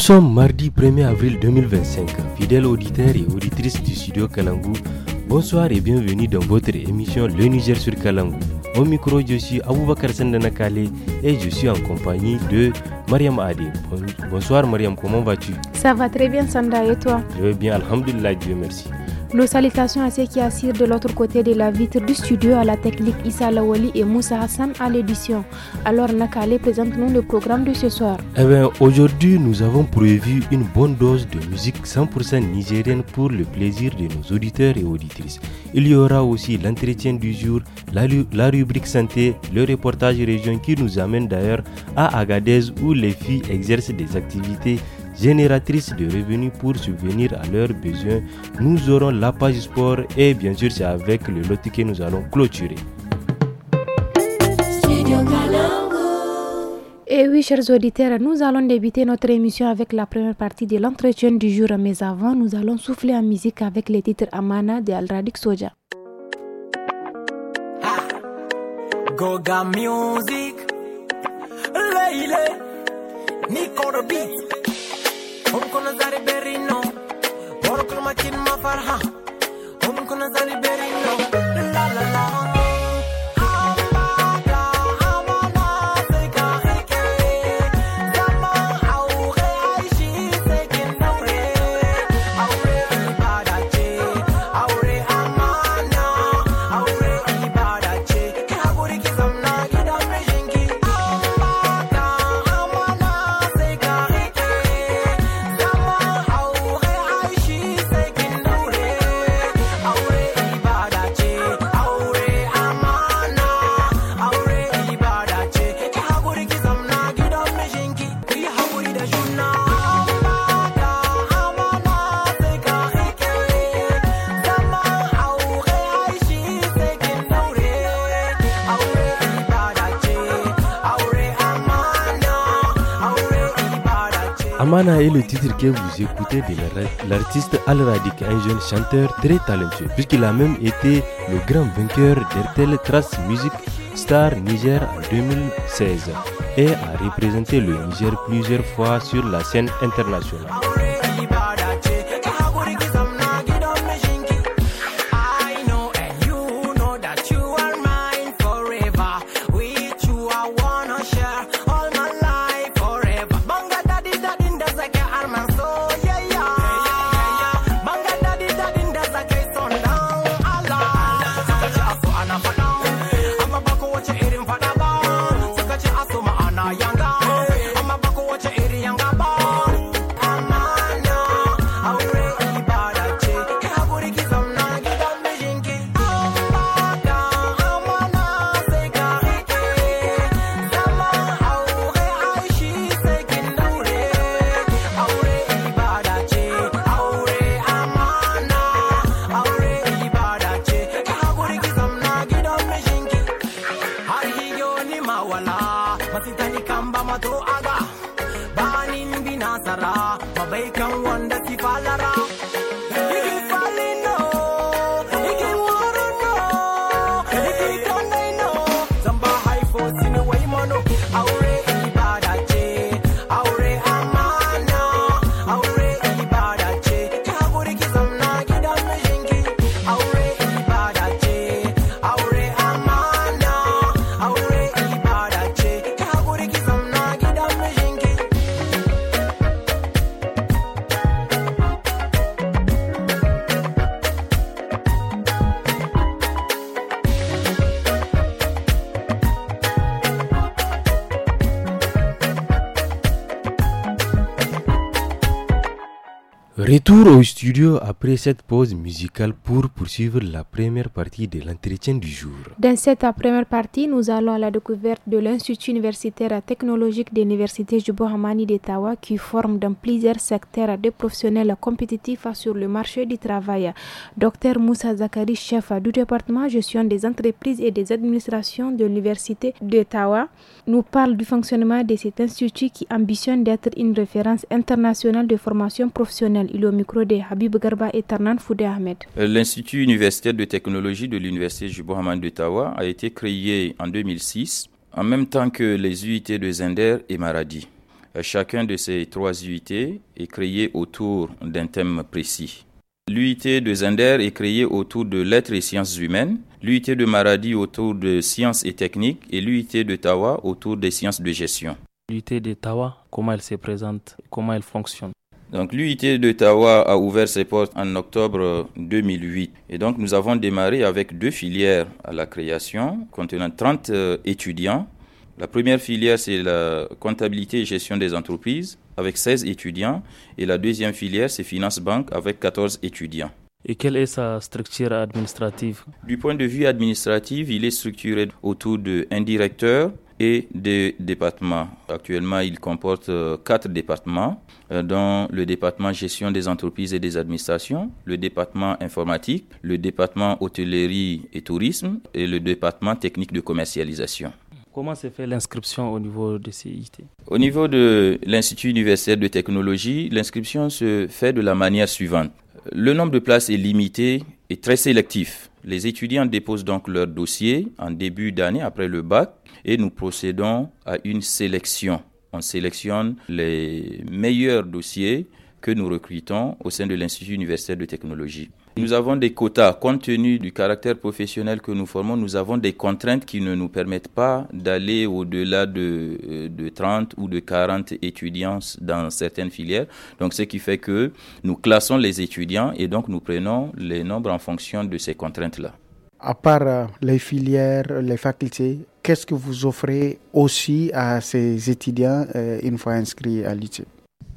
Nous sommes mardi 1er avril 2025. Fidèles auditeurs et auditrices du studio Kalangou, bonsoir et bienvenue dans votre émission Le Niger sur Kalangou. Au micro, je suis Aboubakar Sendanakale et je suis en compagnie de Mariam Adé. Bonsoir Mariam, comment vas-tu Ça va très bien Sanda et toi Je vais bien, Alhamdulillah, Dieu merci. Nos salutations à ceux qui assirent de l'autre côté de la vitre du studio à la technique Issa Lawali et Moussa Hassan à l'édition. Alors Nakale, présente-nous le programme de ce soir. Eh aujourd'hui, nous avons prévu une bonne dose de musique 100% nigérienne pour le plaisir de nos auditeurs et auditrices. Il y aura aussi l'entretien du jour, la rubrique santé, le reportage région qui nous amène d'ailleurs à Agadez où les filles exercent des activités génératrices de revenus pour subvenir à leurs besoins. Nous aurons la page sport et bien sûr c'est avec le lot que nous allons clôturer. Et eh oui, chers auditeurs, nous allons débuter notre émission avec la première partie de l'entretien du jour. Mais avant, nous allons souffler en musique avec les titres Amana de Al-Radik Soja. Ah, Goga Music, ሆንኩ ነዛሬ ቤሪ ነው ወርኩ ማኪን ማፈርሃ ሆንኩ ነዛሬ ቤሪ le titre que vous écoutez de l'artiste Al Radik, un jeune chanteur très talentueux, puisqu'il a même été le grand vainqueur d'Ertel Trace Music Star Niger en 2016 et a représenté le Niger plusieurs fois sur la scène internationale. Retour au studio après cette pause musicale pour poursuivre la première partie de l'entretien du jour. Dans cette première partie, nous allons à la découverte de l'Institut universitaire technologique de l'Université Jubohamani d'Ottawa qui forme dans plusieurs secteurs des professionnels compétitifs sur le marché du travail. Docteur Moussa Zakari, chef du département gestion des entreprises et des administrations de l'Université d'Ottawa, nous parle du fonctionnement de cet institut qui ambitionne d'être une référence internationale de formation professionnelle micro euh, L'Institut universitaire de technologie de l'Université de d'Ottawa a été créé en 2006 en même temps que les UIT de Zender et Maradi. Euh, chacun de ces trois UIT est créé autour d'un thème précis. L'UIT de Zender est créé autour de lettres et sciences humaines, l'UIT de Maradi autour de sciences et techniques et l'UIT de Tawa autour des sciences de gestion. L'UIT de Tawa, comment elle se présente, comment elle fonctionne donc l'UIT d'Ottawa a ouvert ses portes en octobre 2008. Et donc nous avons démarré avec deux filières à la création, contenant 30 euh, étudiants. La première filière, c'est la comptabilité et gestion des entreprises, avec 16 étudiants. Et la deuxième filière, c'est finance banque, avec 14 étudiants. Et quelle est sa structure administrative Du point de vue administratif, il est structuré autour d'un directeur, et des départements. Actuellement, il comporte euh, quatre départements, euh, dont le département gestion des entreprises et des administrations, le département informatique, le département hôtellerie et tourisme et le département technique de commercialisation. Comment se fait l'inscription au niveau de CIT Au niveau de l'Institut universitaire de technologie, l'inscription se fait de la manière suivante. Le nombre de places est limité et très sélectif. Les étudiants déposent donc leur dossier en début d'année après le bac et nous procédons à une sélection. On sélectionne les meilleurs dossiers que nous recrutons au sein de l'Institut universitaire de technologie. Nous avons des quotas. Compte tenu du caractère professionnel que nous formons, nous avons des contraintes qui ne nous permettent pas d'aller au-delà de, euh, de, 30 ou de 40 étudiants dans certaines filières. Donc, ce qui fait que nous classons les étudiants et donc nous prenons les nombres en fonction de ces contraintes-là. À part euh, les filières, les facultés, qu'est-ce que vous offrez aussi à ces étudiants euh, une fois inscrits à l'UIT e?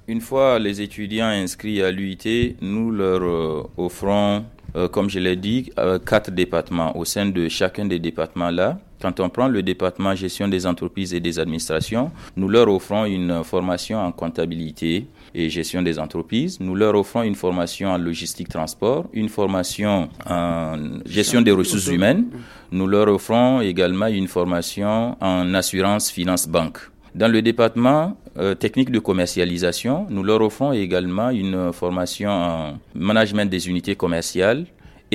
Une fois les étudiants inscrits à l'UIT, e, nous leur euh, offrons, euh, comme je l'ai dit, quatre départements au sein de chacun des départements-là. Quand on prend le département gestion des entreprises et des administrations, nous leur offrons une formation en comptabilité, et gestion des entreprises. Nous leur offrons une formation en logistique transport, une formation en gestion des ressources humaines. Nous leur offrons également une formation en assurance finance banque. Dans le département euh, technique de commercialisation, nous leur offrons également une formation en management des unités commerciales,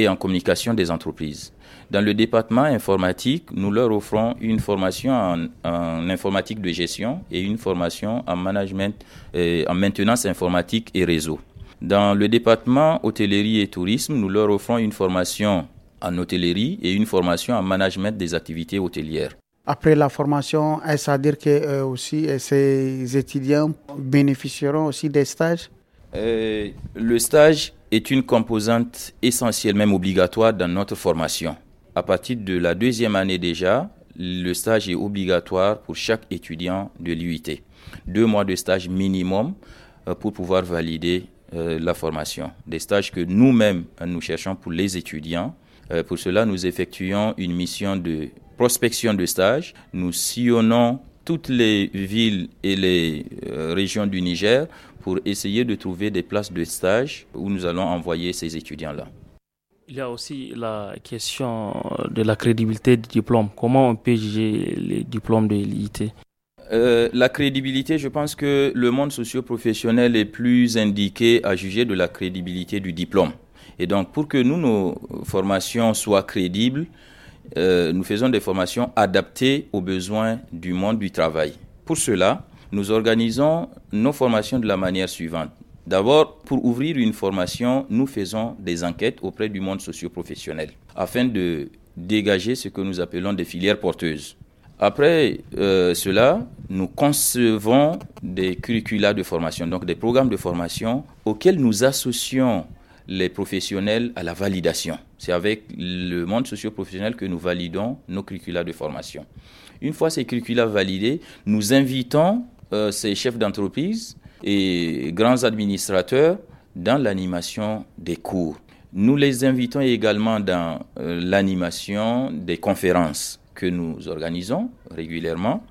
et en communication des entreprises. Dans le département informatique, nous leur offrons une formation en, informatique de gestion et une formation en management, euh, en maintenance informatique et réseau. Dans le département hôtellerie et tourisme, nous leur offrons une formation en hôtellerie et une formation en management des activités hôtelières. Après la formation, est-ce à dire que euh, aussi euh, ces étudiants bénéficieront aussi des stages Le stage est une composante essentielle, même obligatoire, dans notre formation. À partir de la deuxième année déjà, le stage est obligatoire pour chaque étudiant de l'UIT. Deux mois de stage minimum euh, pour pouvoir valider euh, la formation. Des stages que nous-mêmes, euh, nous cherchons pour les étudiants. Pour cela, nous effectuons une mission de prospection de stage. Nous sillonnons toutes les villes et les régions du Niger pour essayer de trouver des places de stage où nous allons envoyer ces étudiants-là. Il y a aussi la question de la crédibilité du diplôme. Comment on peut juger les diplômes de l'IT euh, la crédibilité, je pense que le monde socio-professionnel est plus indiqué à juger de la crédibilité du diplôme. Et donc, pour que nous, nos formations soient crédibles, euh, nous faisons des formations adaptées aux besoins du monde du travail. Pour cela, nous organisons nos formations de la manière suivante. D'abord, pour ouvrir une formation, nous faisons des enquêtes auprès du monde socioprofessionnel afin de dégager ce que nous appelons des filières porteuses. Après euh, cela, nous concevons des curricula de formation, donc des programmes de formation auxquels nous associons les professionnels à la validation. C'est avec le monde socio-professionnel que nous validons nos curricula de formation. Une fois ces curricula validés, nous invitons euh, ces chefs d'entreprise et grands administrateurs dans l'animation des cours. Nous les invitons également dans euh, l'animation des conférences que nous organisons régulièrement.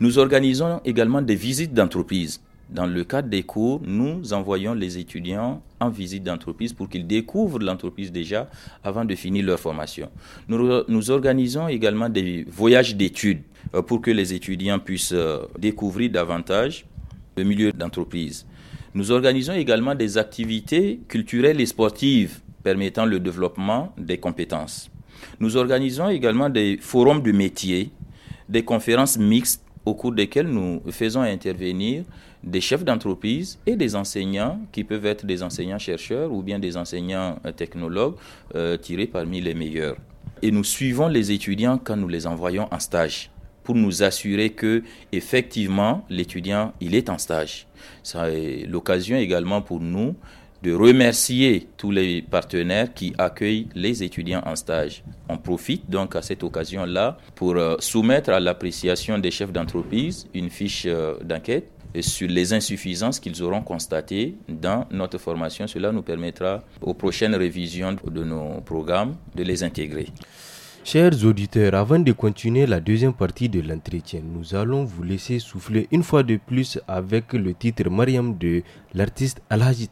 Nous organisons également des visites d'entreprise. Dans le cadre des cours, nous envoyons les étudiants en visite d'entreprise pour qu'ils découvrent l'entreprise déjà avant de finir leur formation. Nous, organisons également des voyages d'études euh, pour que les étudiants puissent euh, découvrir davantage le milieu d'entreprise. Nous organisons également des activités culturelles et sportives permettant le développement des compétences. Nous organisons également des forums de métiers, des conférences mixtes au cours desquelles nous faisons intervenir des chefs d'entreprise et des enseignants qui peuvent être des enseignants-chercheurs ou bien des enseignants euh, technologues euh, tirés parmi les meilleurs. Et nous suivons les étudiants quand nous les envoyons en stage pour nous assurer que effectivement l'étudiant il est en stage. C'est l'occasion également pour nous de remercier tous les partenaires qui accueillent les étudiants en stage. On profite donc à cette occasion-là pour euh, soumettre à l'appréciation des chefs d'entreprise une fiche d'enquête sur les insuffisances qu'ils auront constatées dans notre formation. Cela nous permettra aux prochaines révisions de nos programmes de les intégrer. Chers auditeurs, avant de continuer la deuxième partie de l'entretien, nous allons vous laisser souffler une fois de plus avec le titre Mariam de l'artiste Al Musique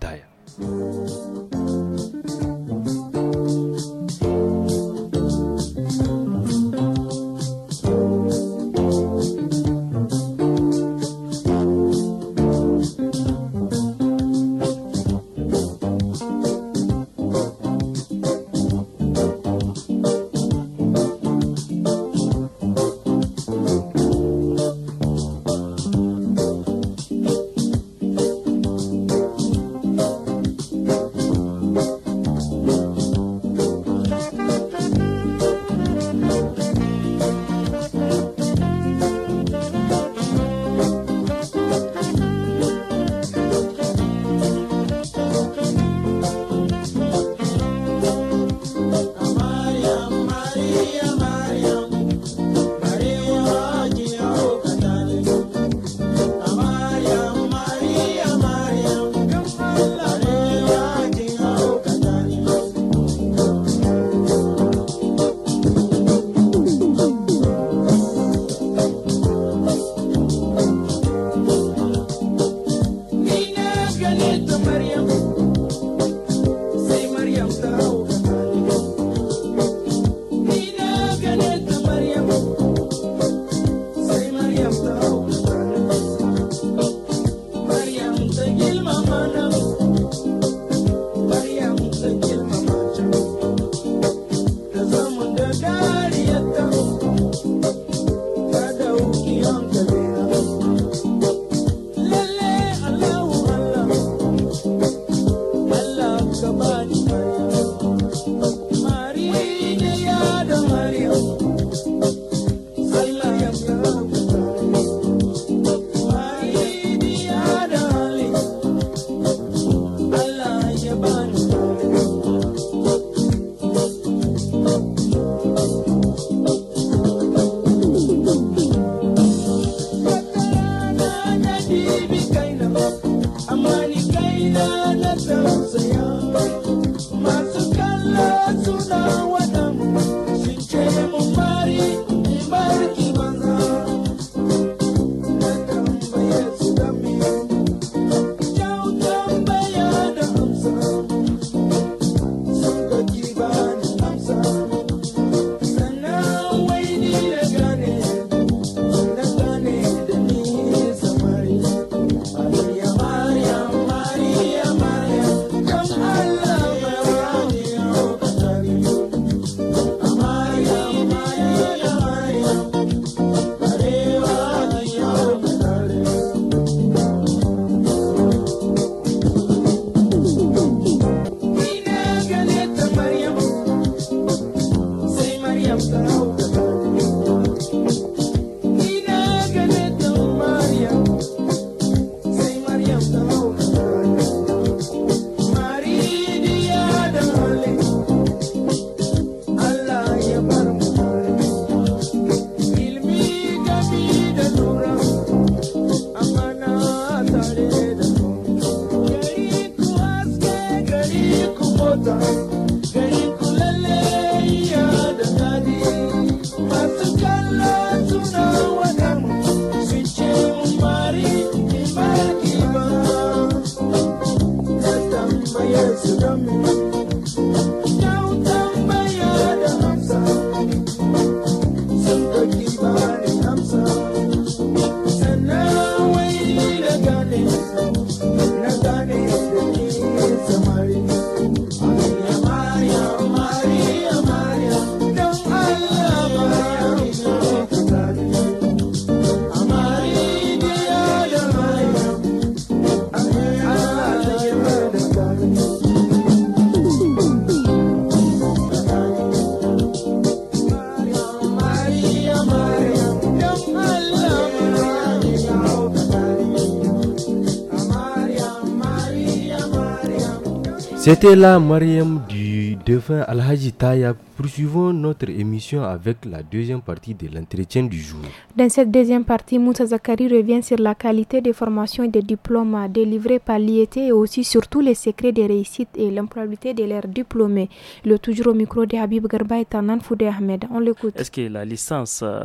C'était la Mariam du défunt Haji Tayab Poursuivons notre émission avec la deuxième partie de l'entretien du jour. Dans cette deuxième partie, Moussa Zakari revient sur la qualité des formations et des diplômes délivrés par l'IET et aussi sur tous les secrets des réussites et l'employabilité de leurs diplômés. Le toujours au micro de Habib Garba et Tanan Foudé Ahmed. On l'écoute. Est-ce que la licence euh,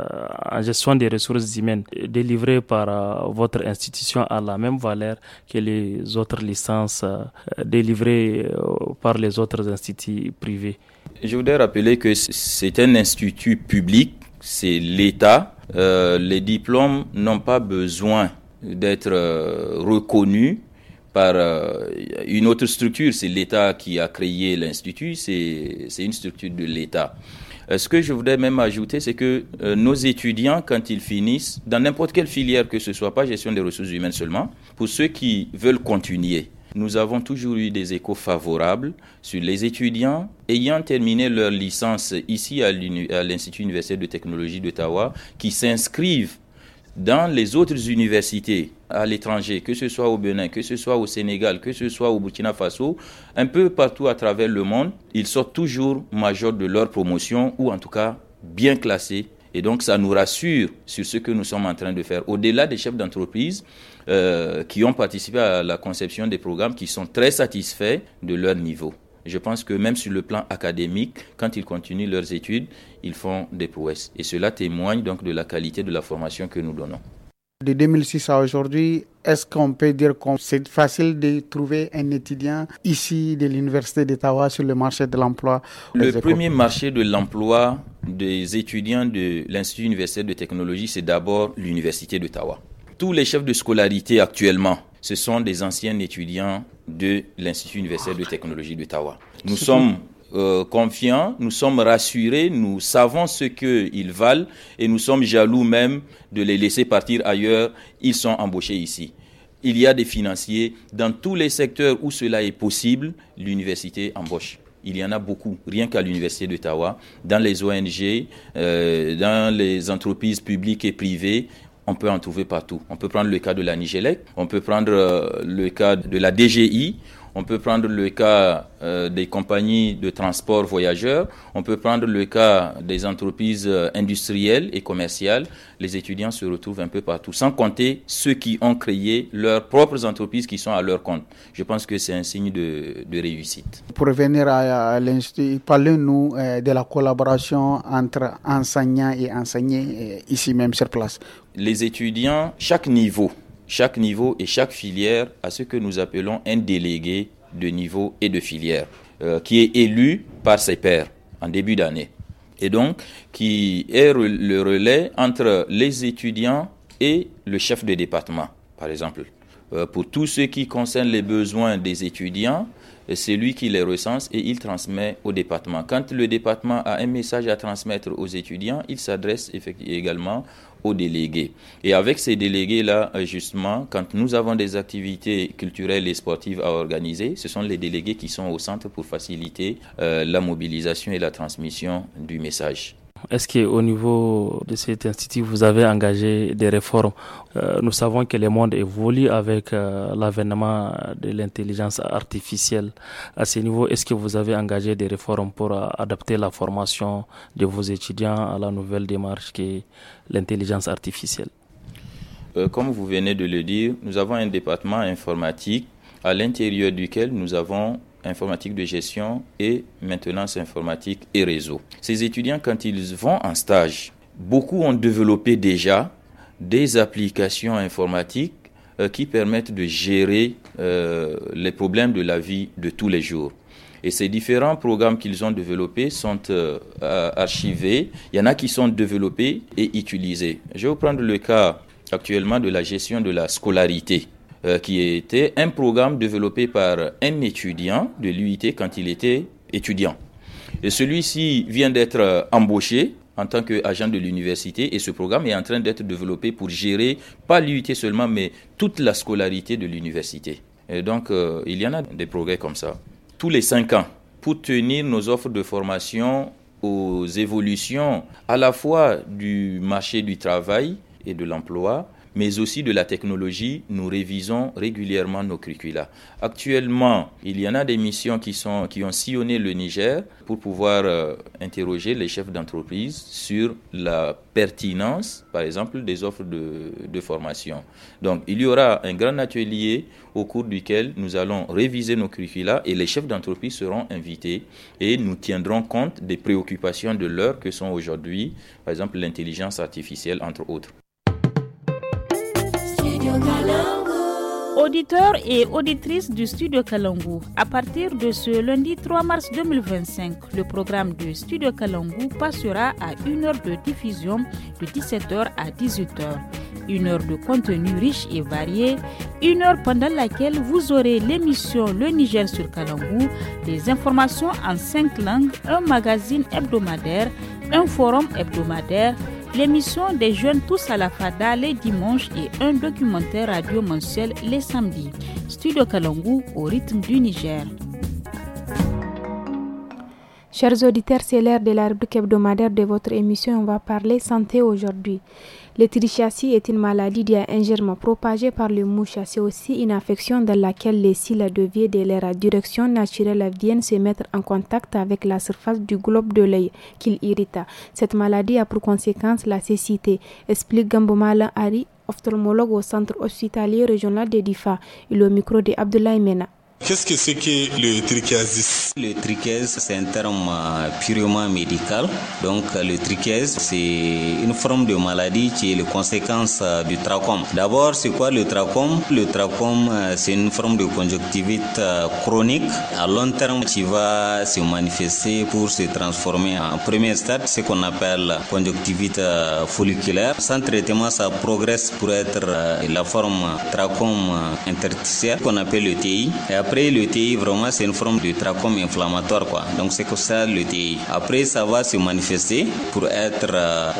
en gestion des ressources humaines délivrée par euh, votre institution a la même valeur que les autres licences euh, délivrées par les autres instituts privés je voudrais rappeler que c'est un institut public, c'est l'État. Euh, les diplômes n'ont pas besoin d'être euh, reconnus par euh, une autre structure. C'est l'État qui a créé l'Institut, c'est une structure de l'État. Ce que je voudrais même ajouter, c'est que nos étudiants, quand ils finissent, dans n'importe quelle filière que ce soit, pas gestion des ressources humaines seulement, pour ceux qui veulent continuer, nous avons toujours eu des échos favorables sur les étudiants ayant terminé leur licence ici à l'Institut universitaire de technologie d'Ottawa qui s'inscrivent dans les autres universités à l'étranger, que ce soit au Bénin, que ce soit au Sénégal, que ce soit au Burkina Faso, un peu partout à travers le monde, ils sortent toujours majeurs de leur promotion ou en tout cas bien classés. Et donc ça nous rassure sur ce que nous sommes en train de faire. Au-delà des chefs d'entreprise, euh, qui ont participé à la conception des programmes qui sont très satisfaits de leur niveau. Je pense que même sur le plan académique, quand ils continuent leurs études, ils font des prouesses. Et cela témoigne donc de la qualité de la formation que nous donnons. De 2006 à aujourd'hui, est-ce qu'on peut dire que c'est facile de trouver un étudiant ici de l'Université d'Ottawa sur le marché de l'emploi Le premier marché de l'emploi des étudiants de l'Institut universitaire de technologie, c'est d'abord l'Université d'Ottawa. Tous les chefs de scolarité actuellement, ce sont des anciens étudiants de l'Institut Universel de technologie d'Ottawa. Nous sommes euh, confiants, nous sommes rassurés, nous savons ce qu'ils valent et nous sommes jaloux même de les laisser partir ailleurs. Ils sont embauchés ici. Il y a des financiers. Dans tous les secteurs où cela est possible, l'université embauche. Il y en a beaucoup, rien qu'à l'Université d'Ottawa, dans les ONG, euh, dans les entreprises publiques et privées on peut en trouver partout. On peut prendre le cas de la Nigélec, on peut prendre euh, le cas de la DGI, on peut prendre le cas euh, des compagnies de transport voyageurs, on peut prendre le cas des entreprises euh, industrielles et commerciales. Les étudiants se retrouvent un peu partout, sans compter ceux qui ont créé leurs propres entreprises qui sont à leur compte. Je pense que c'est un signe de, réussite. Pour revenir à, l'Institut, parlez-nous euh, de la collaboration entre enseignants et enseignés ici même sur place. Les étudiants, chaque niveau chaque niveau et chaque filière a ce que nous appelons un délégué de niveau et de filière, euh, qui est élu par ses pairs en début d'année, et donc qui est le relais entre les étudiants et le chef de département, par exemple. Euh, pour tout ce qui concerne les besoins des étudiants, c'est lui qui les recense et il transmet au département. Quand le département a un message à transmettre aux étudiants, il s'adresse également aux délégués. Et avec ces délégués-là, euh, justement, quand nous avons des activités culturelles et sportives à organiser, ce sont les délégués qui sont au centre pour faciliter euh, la mobilisation et la transmission du message. Est-ce qu'au niveau de cet institut, vous avez engagé des réformes euh, Nous savons que le monde évolue avec euh, l'avènement de l'intelligence artificielle. À ce niveau, est-ce que vous avez engagé des réformes pour euh, adapter la formation de vos étudiants à la nouvelle démarche qui est l'intelligence artificielle Comme vous venez de le dire, nous avons un département informatique à l'intérieur duquel nous avons informatique de gestion et maintenance informatique et réseau. Ces étudiants, quand ils vont en stage, beaucoup ont développé déjà des applications informatiques euh, qui permettent de gérer euh, les problèmes de la vie de tous les jours. Et ces différents programmes qu'ils ont développés sont euh, archivés. Il y en a qui sont développés et utilisés. Je vais vous prendre le cas actuellement de la gestion de la scolarité. Euh, qui était un programme développé par un étudiant de l'UIT quand il était étudiant. Et celui-ci vient d'être euh, embauché en tant qu'agent de l'université et ce programme est en train d'être développé pour gérer, pas l'UIT seulement, mais toute la scolarité de l'université. Et donc, euh, il y en a des progrès comme ça. Tous les cinq ans, pour tenir nos offres de formation aux évolutions à la fois du marché du travail et de l'emploi, mais aussi de la technologie, nous révisons régulièrement nos curricula. Actuellement, il y en a des missions qui, sont, qui ont sillonné le Niger pour pouvoir euh, interroger les chefs d'entreprise sur la pertinence, par exemple, des offres de, de formation. Donc, il y aura un grand atelier au cours duquel nous allons réviser nos curricula et les chefs d'entreprise seront invités et nous tiendrons compte des préoccupations de l'heure que sont aujourd'hui, par exemple, l'intelligence artificielle, entre autres. Auditeurs et auditrices du Studio Kalangu, à partir de ce lundi 3 mars 2025, le programme du Studio Kalangu passera à une heure de diffusion de 17h à 18h. Une heure de contenu riche et varié, une heure pendant laquelle vous aurez l'émission Le Niger sur Kalangu, des informations en cinq langues, un magazine hebdomadaire, un forum hebdomadaire, L'émission des jeunes tous à la FADA les dimanches et un documentaire radio mensuel les samedis. Studio Kalangu au rythme du Niger. Chers auditeurs, c'est l'heure de la rubrique hebdomadaire de votre émission. On va parler santé aujourd'hui. Le est une maladie d'un ingèrement propagée par le mouches. C'est aussi une affection dans laquelle les cils deviennent de à direction naturelle viennent se mettre en contact avec la surface du globe de l'œil qu'il irrita. Cette maladie a pour conséquence la cécité, explique Gambomala Hari, ophtalmologue au centre hospitalier régional de Difa. le micro de Abdoulaye Mena. Qu'est-ce que c'est que le trichiasis Le trichiasis, c'est un terme euh, purement médical. Donc, euh, le trichiasis, c'est une forme de maladie qui est la conséquence euh, du trachome. D'abord, c'est quoi le trachome Le trachome, c'est une forme de conjonctivite chronique à long terme qui va se manifester pour se transformer en premier stade, ce qu'on appelle conjonctivite folliculaire. Sans traitement, ça progresse pour être la forme trachome interstitielle qu'on appelle le TI. Et après, après, le TI, vraiment, c'est une forme de trachome inflammatoire, quoi. Donc, c'est que ça, le TI. Après, ça va se manifester pour être euh,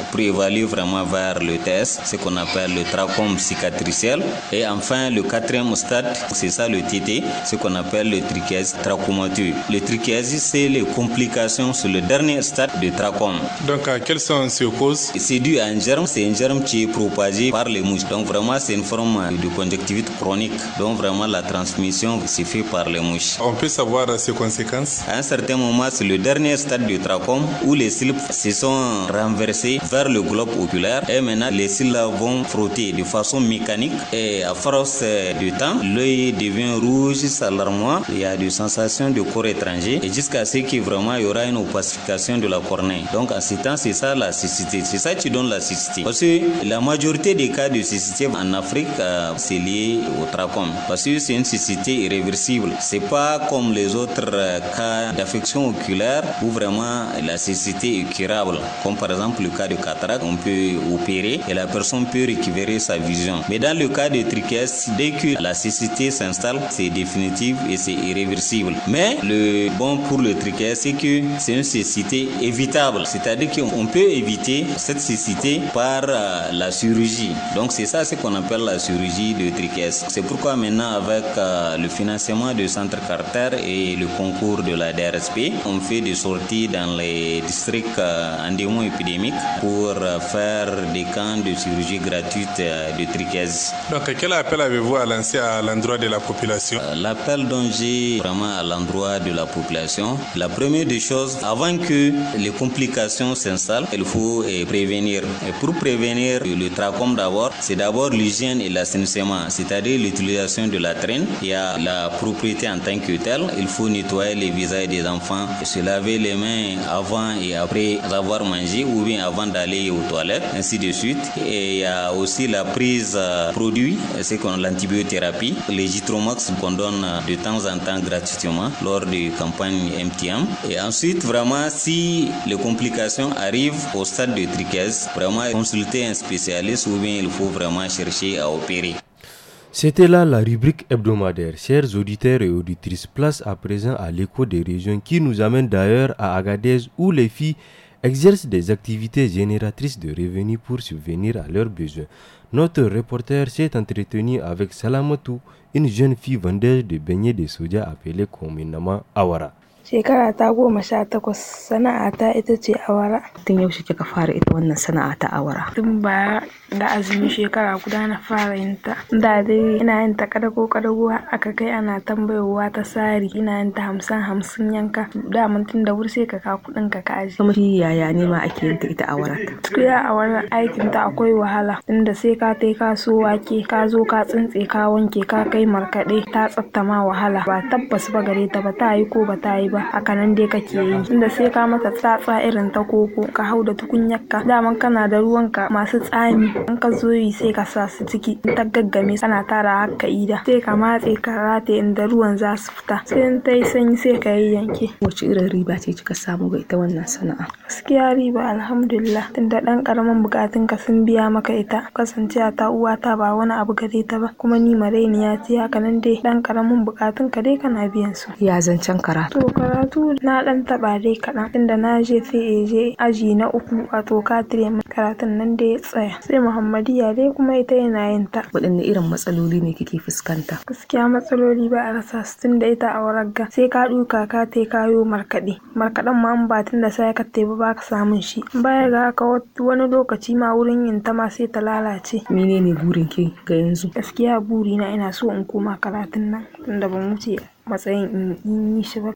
vraiment vers le test, ce qu'on appelle le trachome cicatriciel. Et enfin, le quatrième stade, c'est ça, le TT, ce qu'on appelle le trichèse trachomateux. Le trichèse, c'est les complications sur le dernier stade de trachome. Donc, à quelles sont ces causes C'est dû à un germe, c'est un germe qui est propagé par les mouches. Donc, vraiment, c'est une forme de conjonctivite chronique. Donc, vraiment, la transmission c'est par les mouches. On peut savoir ses conséquences À un certain moment, c'est le dernier stade du trachome où les cils se sont renversés vers le globe oculaire et maintenant les cils vont frotter de façon mécanique et à force du temps, l'œil devient rouge, s'alarmant, il y a des sensations de corps étranger et jusqu'à ce qu'il vraiment y aura une opacification de la cornée. Donc en ce temps, c'est ça la cécité, c'est ça qui donne la cécité. Parce que la majorité des cas de cécité en Afrique, euh, c'est lié au trachome parce que c'est une cécité irréversible c'est pas comme les autres euh, cas d'affection oculaire où vraiment la cécité est curable. Comme par exemple le cas de cataracte, on peut opérer et la personne peut récupérer sa vision. Mais dans le cas de trichesse, dès que la cécité s'installe, c'est définitif et c'est irréversible. Mais le bon pour le trichesse, c'est que c'est une cécité évitable. C'est-à-dire qu'on peut éviter cette cécité par euh, la chirurgie. Donc c'est ça ce qu'on appelle la chirurgie de trichesse. C'est pourquoi maintenant avec euh, le financement de Centre Carter et le concours de la DRSP, on fait des sorties dans les districts euh, endémiques épidémiques pour euh, faire des camps de chirurgie gratuite euh, de trichèse. Donc, quel appel avez-vous à lancer à l'endroit de la population L'appel dont j'ai vraiment à l'endroit de la population, la première des choses, avant que les complications s'installent, il faut prévenir. Et pour prévenir le trachome d'abord, c'est d'abord l'hygiène et l'assainissement, c'est-à-dire l'utilisation de la traîne. Il y a la propriété en tant que telle, il faut nettoyer les visages des enfants, se laver les mains avant et après avoir mangé ou bien avant d'aller aux toilettes, ainsi de suite. Et il y a aussi la prise euh, produit, c'est qu'on l'antibiothérapie, les Gitromax qu'on donne euh, de temps en temps gratuitement lors des campagnes MTM. Et ensuite, vraiment, si les complications arrivent au stade de trichèse, vraiment consulter un spécialiste ou bien il faut vraiment chercher à opérer. C'était là la rubrique hebdomadaire. Chers auditeurs et auditrices, place à présent à l'écho des régions qui nous amène d'ailleurs à Agadez où les filles exercent des activités génératrices de revenus pour subvenir à leurs besoins. Notre reporter s'est entretenu avec Salamatou, une jeune fille vendeuse de beignets de soja appelée communément Awara. Shekara ta goma sha takwas Sana'a ta ita ce awara. Tun yaushe kika fara ita wannan sana'a ta awara? Tun ba da azumin shekara guda na fara yin ta. Da dai ina yin ta kadago kadago aka kai ana tambayowa ta sari ina yin ta hamsin hamsin yanka. Da mun da wuri sai ka ka kuɗin ka ka aje. Kuma shi yaya ne ma ake yin ta ita awara? a awara aikin ta akwai wahala Inda sai ka tai ka so wake ka zo ka tsintse ka wanke ka kai markaɗe ta tsafta ma wahala ba tabbas ba gare ta ba ta yi ko ba ta yi ba haka nan dai kake yi tunda sai ka masa tsatsa irin ta koko ka hau da tukunyarka daman kana da ruwan ka. masu tsami An ka zo yi sai ka sa su ciki in ta gaggame kana tara haka ida sai ka matse ka rataye inda ruwan za su fita sai in ta yi sanyi sai ka yi yanke. Wace irin riba ce kika samu ga ita wannan sana'a? Gaskiya riba alhamdulillah tunda dan karamin bukatun ka sun biya maka ita kasance ta uwa ta ba wani abu gare ta ba kuma ni ya ce haka nan dai dan karamin bukatun ka dai kana biyan su. Ya zancen karatu. Karatu na ɗan taɓa dai kaɗan inda na je sai je aji na uku wato katire mai karatun nan da ya tsaya. Sai muhammadiya dai kuma ita yana yin ta. Waɗanne irin matsaloli ne kike fuskanta? Gaskiya matsaloli ba a rasa su tunda ita a ga sai ka ɗuka ka te kayo markaɗe. Markaɗen ma in ba da sai ka ta ba ka samun shi. Baya ga haka wani lokaci ma wurin yin ta ma sai ta lalace. Menene burin ki ga yanzu? Gaskiya burina ina so in koma karatun nan tunda ban wuce matsayin in yi shi ba.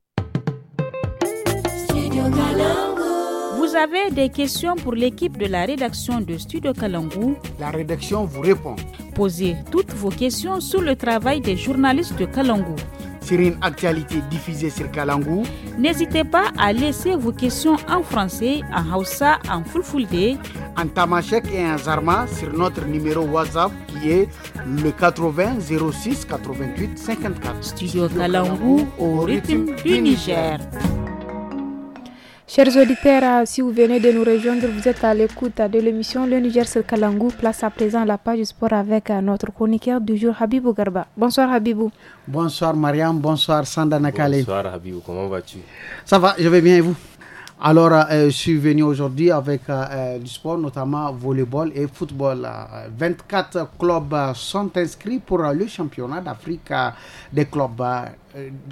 avez des questions pour l'équipe de la rédaction de Studio Kalangou, la rédaction vous répond. Posez toutes vos questions sur le travail des journalistes de Kalangou. Sur une actualité diffusée sur Kalangou, n'hésitez pas à laisser vos questions en français, en Hausa, en Fulfulde, en Tamashek et en Zarma sur notre numéro WhatsApp qui est le 80 06 88 54. Studio, Kalangou, au rythme du Niger. Chers auditeurs, euh, si vous venez de nous rejoindre, vous êtes à l'écoute de l'émission Le Niger sur Kalangou. Place à présent la page du sport avec euh, notre chroniqueur du jour, Habibou Garba. Bonsoir Habibou. Bonsoir Mariam, bonsoir Sandana Nakale. Bonsoir Habibou, comment vas-tu Ça va, je vais bien et vous alors, euh, je suis venu aujourd'hui avec euh, euh, du sport, notamment volleyball et football. 24 clubs sont inscrits pour le championnat d'Afrique des clubs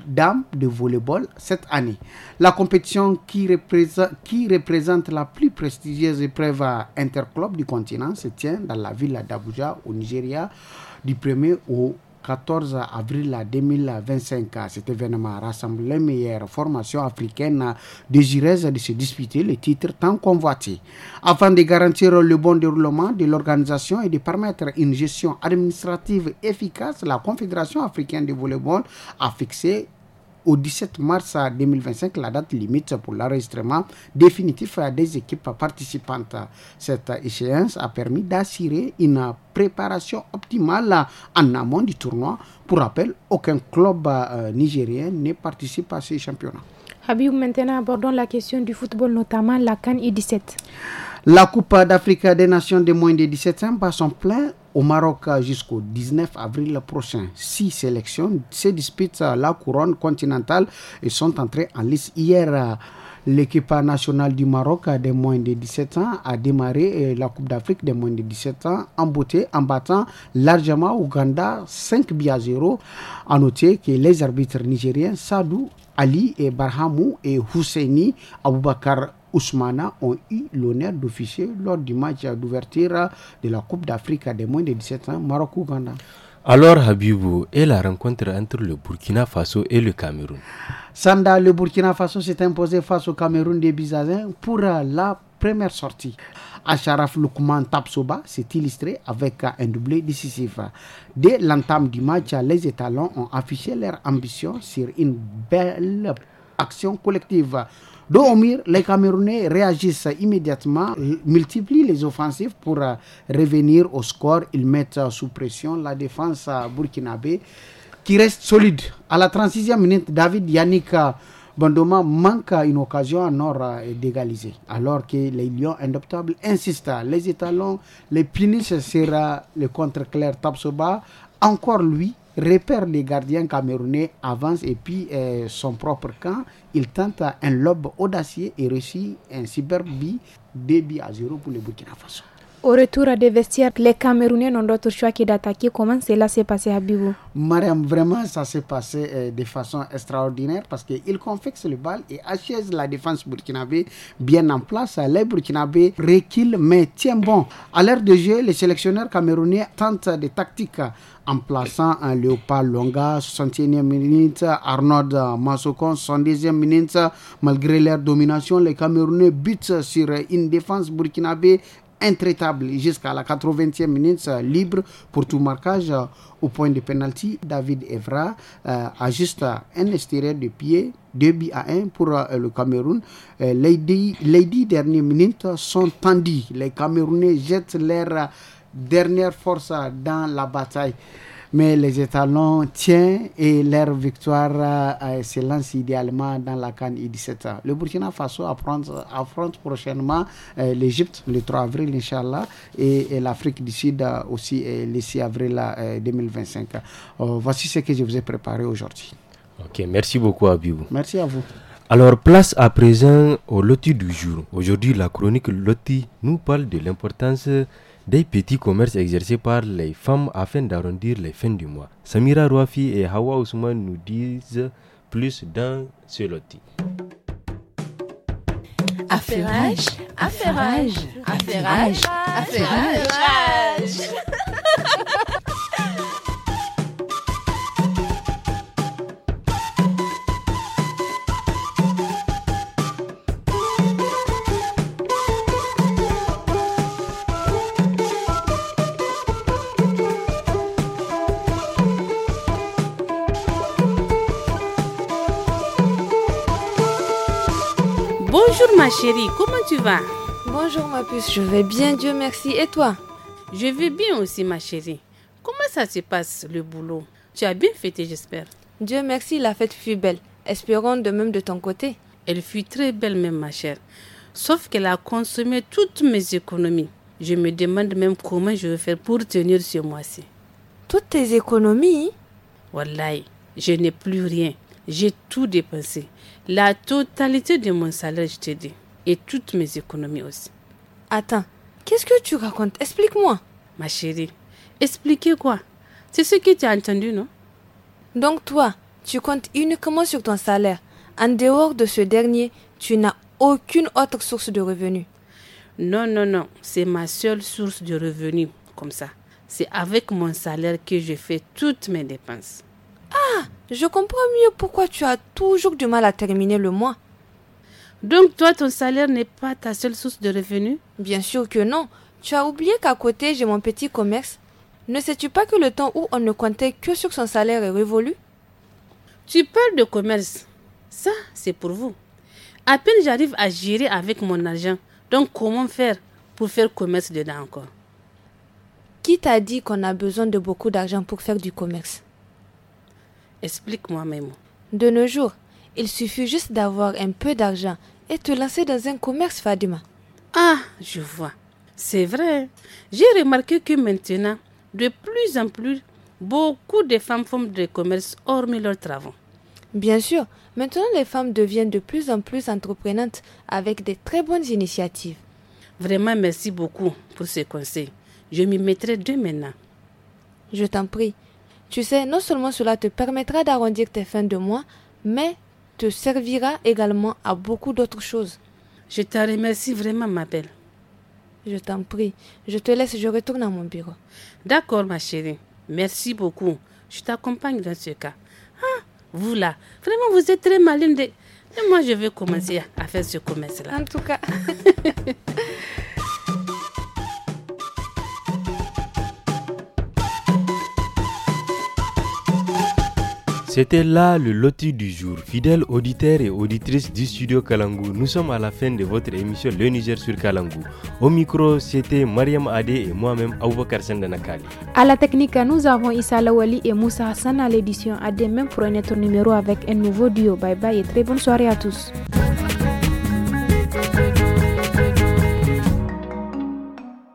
dames de volleyball cette année. La compétition qui représente, la plus prestigieuse épreuve interclub du continent se tient dans la ville d'Abuja au Nigeria du 1er au 14 avril 2025 cet événement les meilleures formations africaines désireuses de se disputer le titre tant convoité. Afin de garantir le bon déroulement de l'organisation et de permettre une gestion administrative efficace, la Confédération africaine de volleyball a fixé au 17 mars 2025, la date limite pour l'enregistrement définitif des équipes participantes. Cette échéance a permis d'assurer une préparation optimale en amont du tournoi. Pour rappel, aucun club euh, nigérien ne participe à ces championnats. Habib, maintenant abordons la question du football, notamment la CAN I17. La Coupe d'Afrique des Nations des moins de 17 ans bat son plein au Maroc jusqu'au 19 avril prochain. Six sélections se disputent la couronne continentale et sont entrées en lice hier. L'équipe nationale du Maroc des moins de 17 ans a démarré la Coupe d'Afrique des moins de 17 ans en beauté en battant largement Ouganda 5 à 0. À noter que les arbitres nigériens Sadou Ali et Barhamou et Husseini Aboubakar Ousmana ont eu l'honneur d'officier lors du match d'ouverture de la Coupe d'Afrique des moins de 17 ans Maroc-Ouganda. Alors Habibou, et la rencontre entre le Burkina Faso et le Cameroun Sanda, le Burkina Faso s'est imposé face au Cameroun des Bizazins pour euh, la première sortie. Acharaf Lukman Tapsoba s'est illustré avec un doublé décisif. Dès l'entame du match, les étalons ont affiché leur ambition sur une belle action collective. De Omir, les Camerounais réagissent immédiatement, multiplient les offensives pour euh, revenir au score. Ils mettent euh, sous pression la défense euh, burkinabé qui reste solide. À la 36e minute, David Yannick Bandoma manque une occasion en or d'égaliser, alors que les Lions indoptables insistent. Les étalons les punissent. Sera le contre-clair Tapsoba, encore lui, repère les gardiens camerounais, avance et puis euh, son propre camp. Il tente un lobe audacieux et réussit un cyberbi, débit à zéro pour le Burkina Faso. Au retour des vestiaires, les Camerounais n'ont d'autre choix que d'attaquer. Comment cela s'est passé à Bibou Mariam, vraiment, ça s'est passé euh, de façon extraordinaire parce qu'ils confectent le bal et achèvent la défense burkinabé bien en place. Les burkinabés reculent, mais tiens bon. À l'heure de jeu, les sélectionneurs camerounais tentent des tactiques en plaçant un Léopard Longa, 61e minute, Arnold Masokon, 102e minute. Malgré leur domination, les Camerounais butent sur une défense burkinabé intraitable jusqu'à la 80e minute euh, libre pour tout marquage euh, au point de penalty. David Evra euh, a juste un extérieur de pied 2 buts à 1 pour le Cameroun. les, dix, dernières minutes sont tendues. Les Camerounais jettent leur dernière force dans la bataille mais les étalons tiennent et leur victoire euh, euh, se lance idéalement dans la Cannes I-17. Le Burkina Faso affronte, affronte prochainement euh, l'Égypte le 3 avril, Inch'Allah, et, l'Afrique du Sud aussi le 6 avril 2025. voici ce que je vous ai préparé aujourd'hui. Ok, merci beaucoup Abibou. Merci à vous. Alors, place à présent au loti du jour. Aujourd'hui, la chronique loti nous parle de l'importance des petits commerces exercés par les femmes afin d'arrondir les fins du mois. Samira Rouafi et Hawa Ousmane nous disent plus dans ce loti. chérie, comment tu vas Bonjour ma puce, je vais bien, Dieu merci. Et toi Je vais bien aussi ma chérie. Comment ça se passe le boulot Tu as bien fêté, j'espère. Dieu merci, la fête fut belle. Espérons de même de ton côté. Elle fut très belle même ma chère. Sauf qu'elle a consommé toutes mes économies. Je me demande même comment je vais faire pour tenir ce mois-ci. Toutes tes économies Wallahi, je n'ai plus rien. J'ai tout dépensé. La totalité de mon salaire, je te dis et toutes mes économies aussi. Attends, qu'est-ce que tu racontes Explique-moi. Ma chérie, expliquer quoi C'est ce que tu as entendu, non Donc toi, tu comptes uniquement sur ton salaire. En dehors de ce dernier, tu n'as aucune autre source de revenus. Non, non, non, c'est ma seule source de revenus, comme ça. C'est avec mon salaire que je fais toutes mes dépenses. Ah, je comprends mieux pourquoi tu as toujours du mal à terminer le mois. Donc toi, ton salaire n'est pas ta seule source de revenus Bien sûr que non. Tu as oublié qu'à côté, j'ai mon petit commerce. Ne sais-tu pas que le temps où on ne comptait que sur son salaire est révolu Tu parles de commerce. Ça, c'est pour vous. À peine j'arrive à gérer avec mon argent. Donc comment faire pour faire commerce dedans encore Qui t'a dit qu'on a besoin de beaucoup d'argent pour faire du commerce Explique-moi même. De nos jours, il suffit juste d'avoir un peu d'argent et te lancer dans un commerce, Fadima. Ah, je vois. C'est vrai. J'ai remarqué que maintenant, de plus en plus, beaucoup de femmes font des commerces hormis leurs travaux. Bien sûr, maintenant les femmes deviennent de plus en plus entreprenantes avec de très bonnes initiatives. Vraiment, merci beaucoup pour ces conseils. Je m'y mettrai demain maintenant. Je t'en prie. Tu sais, non seulement cela te permettra d'arrondir tes fins de mois, mais te servira également à beaucoup d'autres choses. Je te remercie vraiment, ma belle. Je t'en prie. Je te laisse, je retourne à mon bureau. D'accord, ma chérie. Merci beaucoup. Je t'accompagne dans ce cas. Ah, vous là, vraiment, vous êtes très malin. De... moi, je vais commencer à faire ce commerce-là. En tout cas. C'était là le loti du jour. Fidèles auditeurs et auditrices du studio Kalangu, nous sommes à la fin de votre émission Le Niger sur Kalangu. Au micro, c'était Mariam Adé et moi-même Karsen Danakali. À la technique, nous avons Issa Lawali et Moussa Hassan à l'édition. À même pour un numéro avec un nouveau duo. Bye bye et très bonne soirée à tous.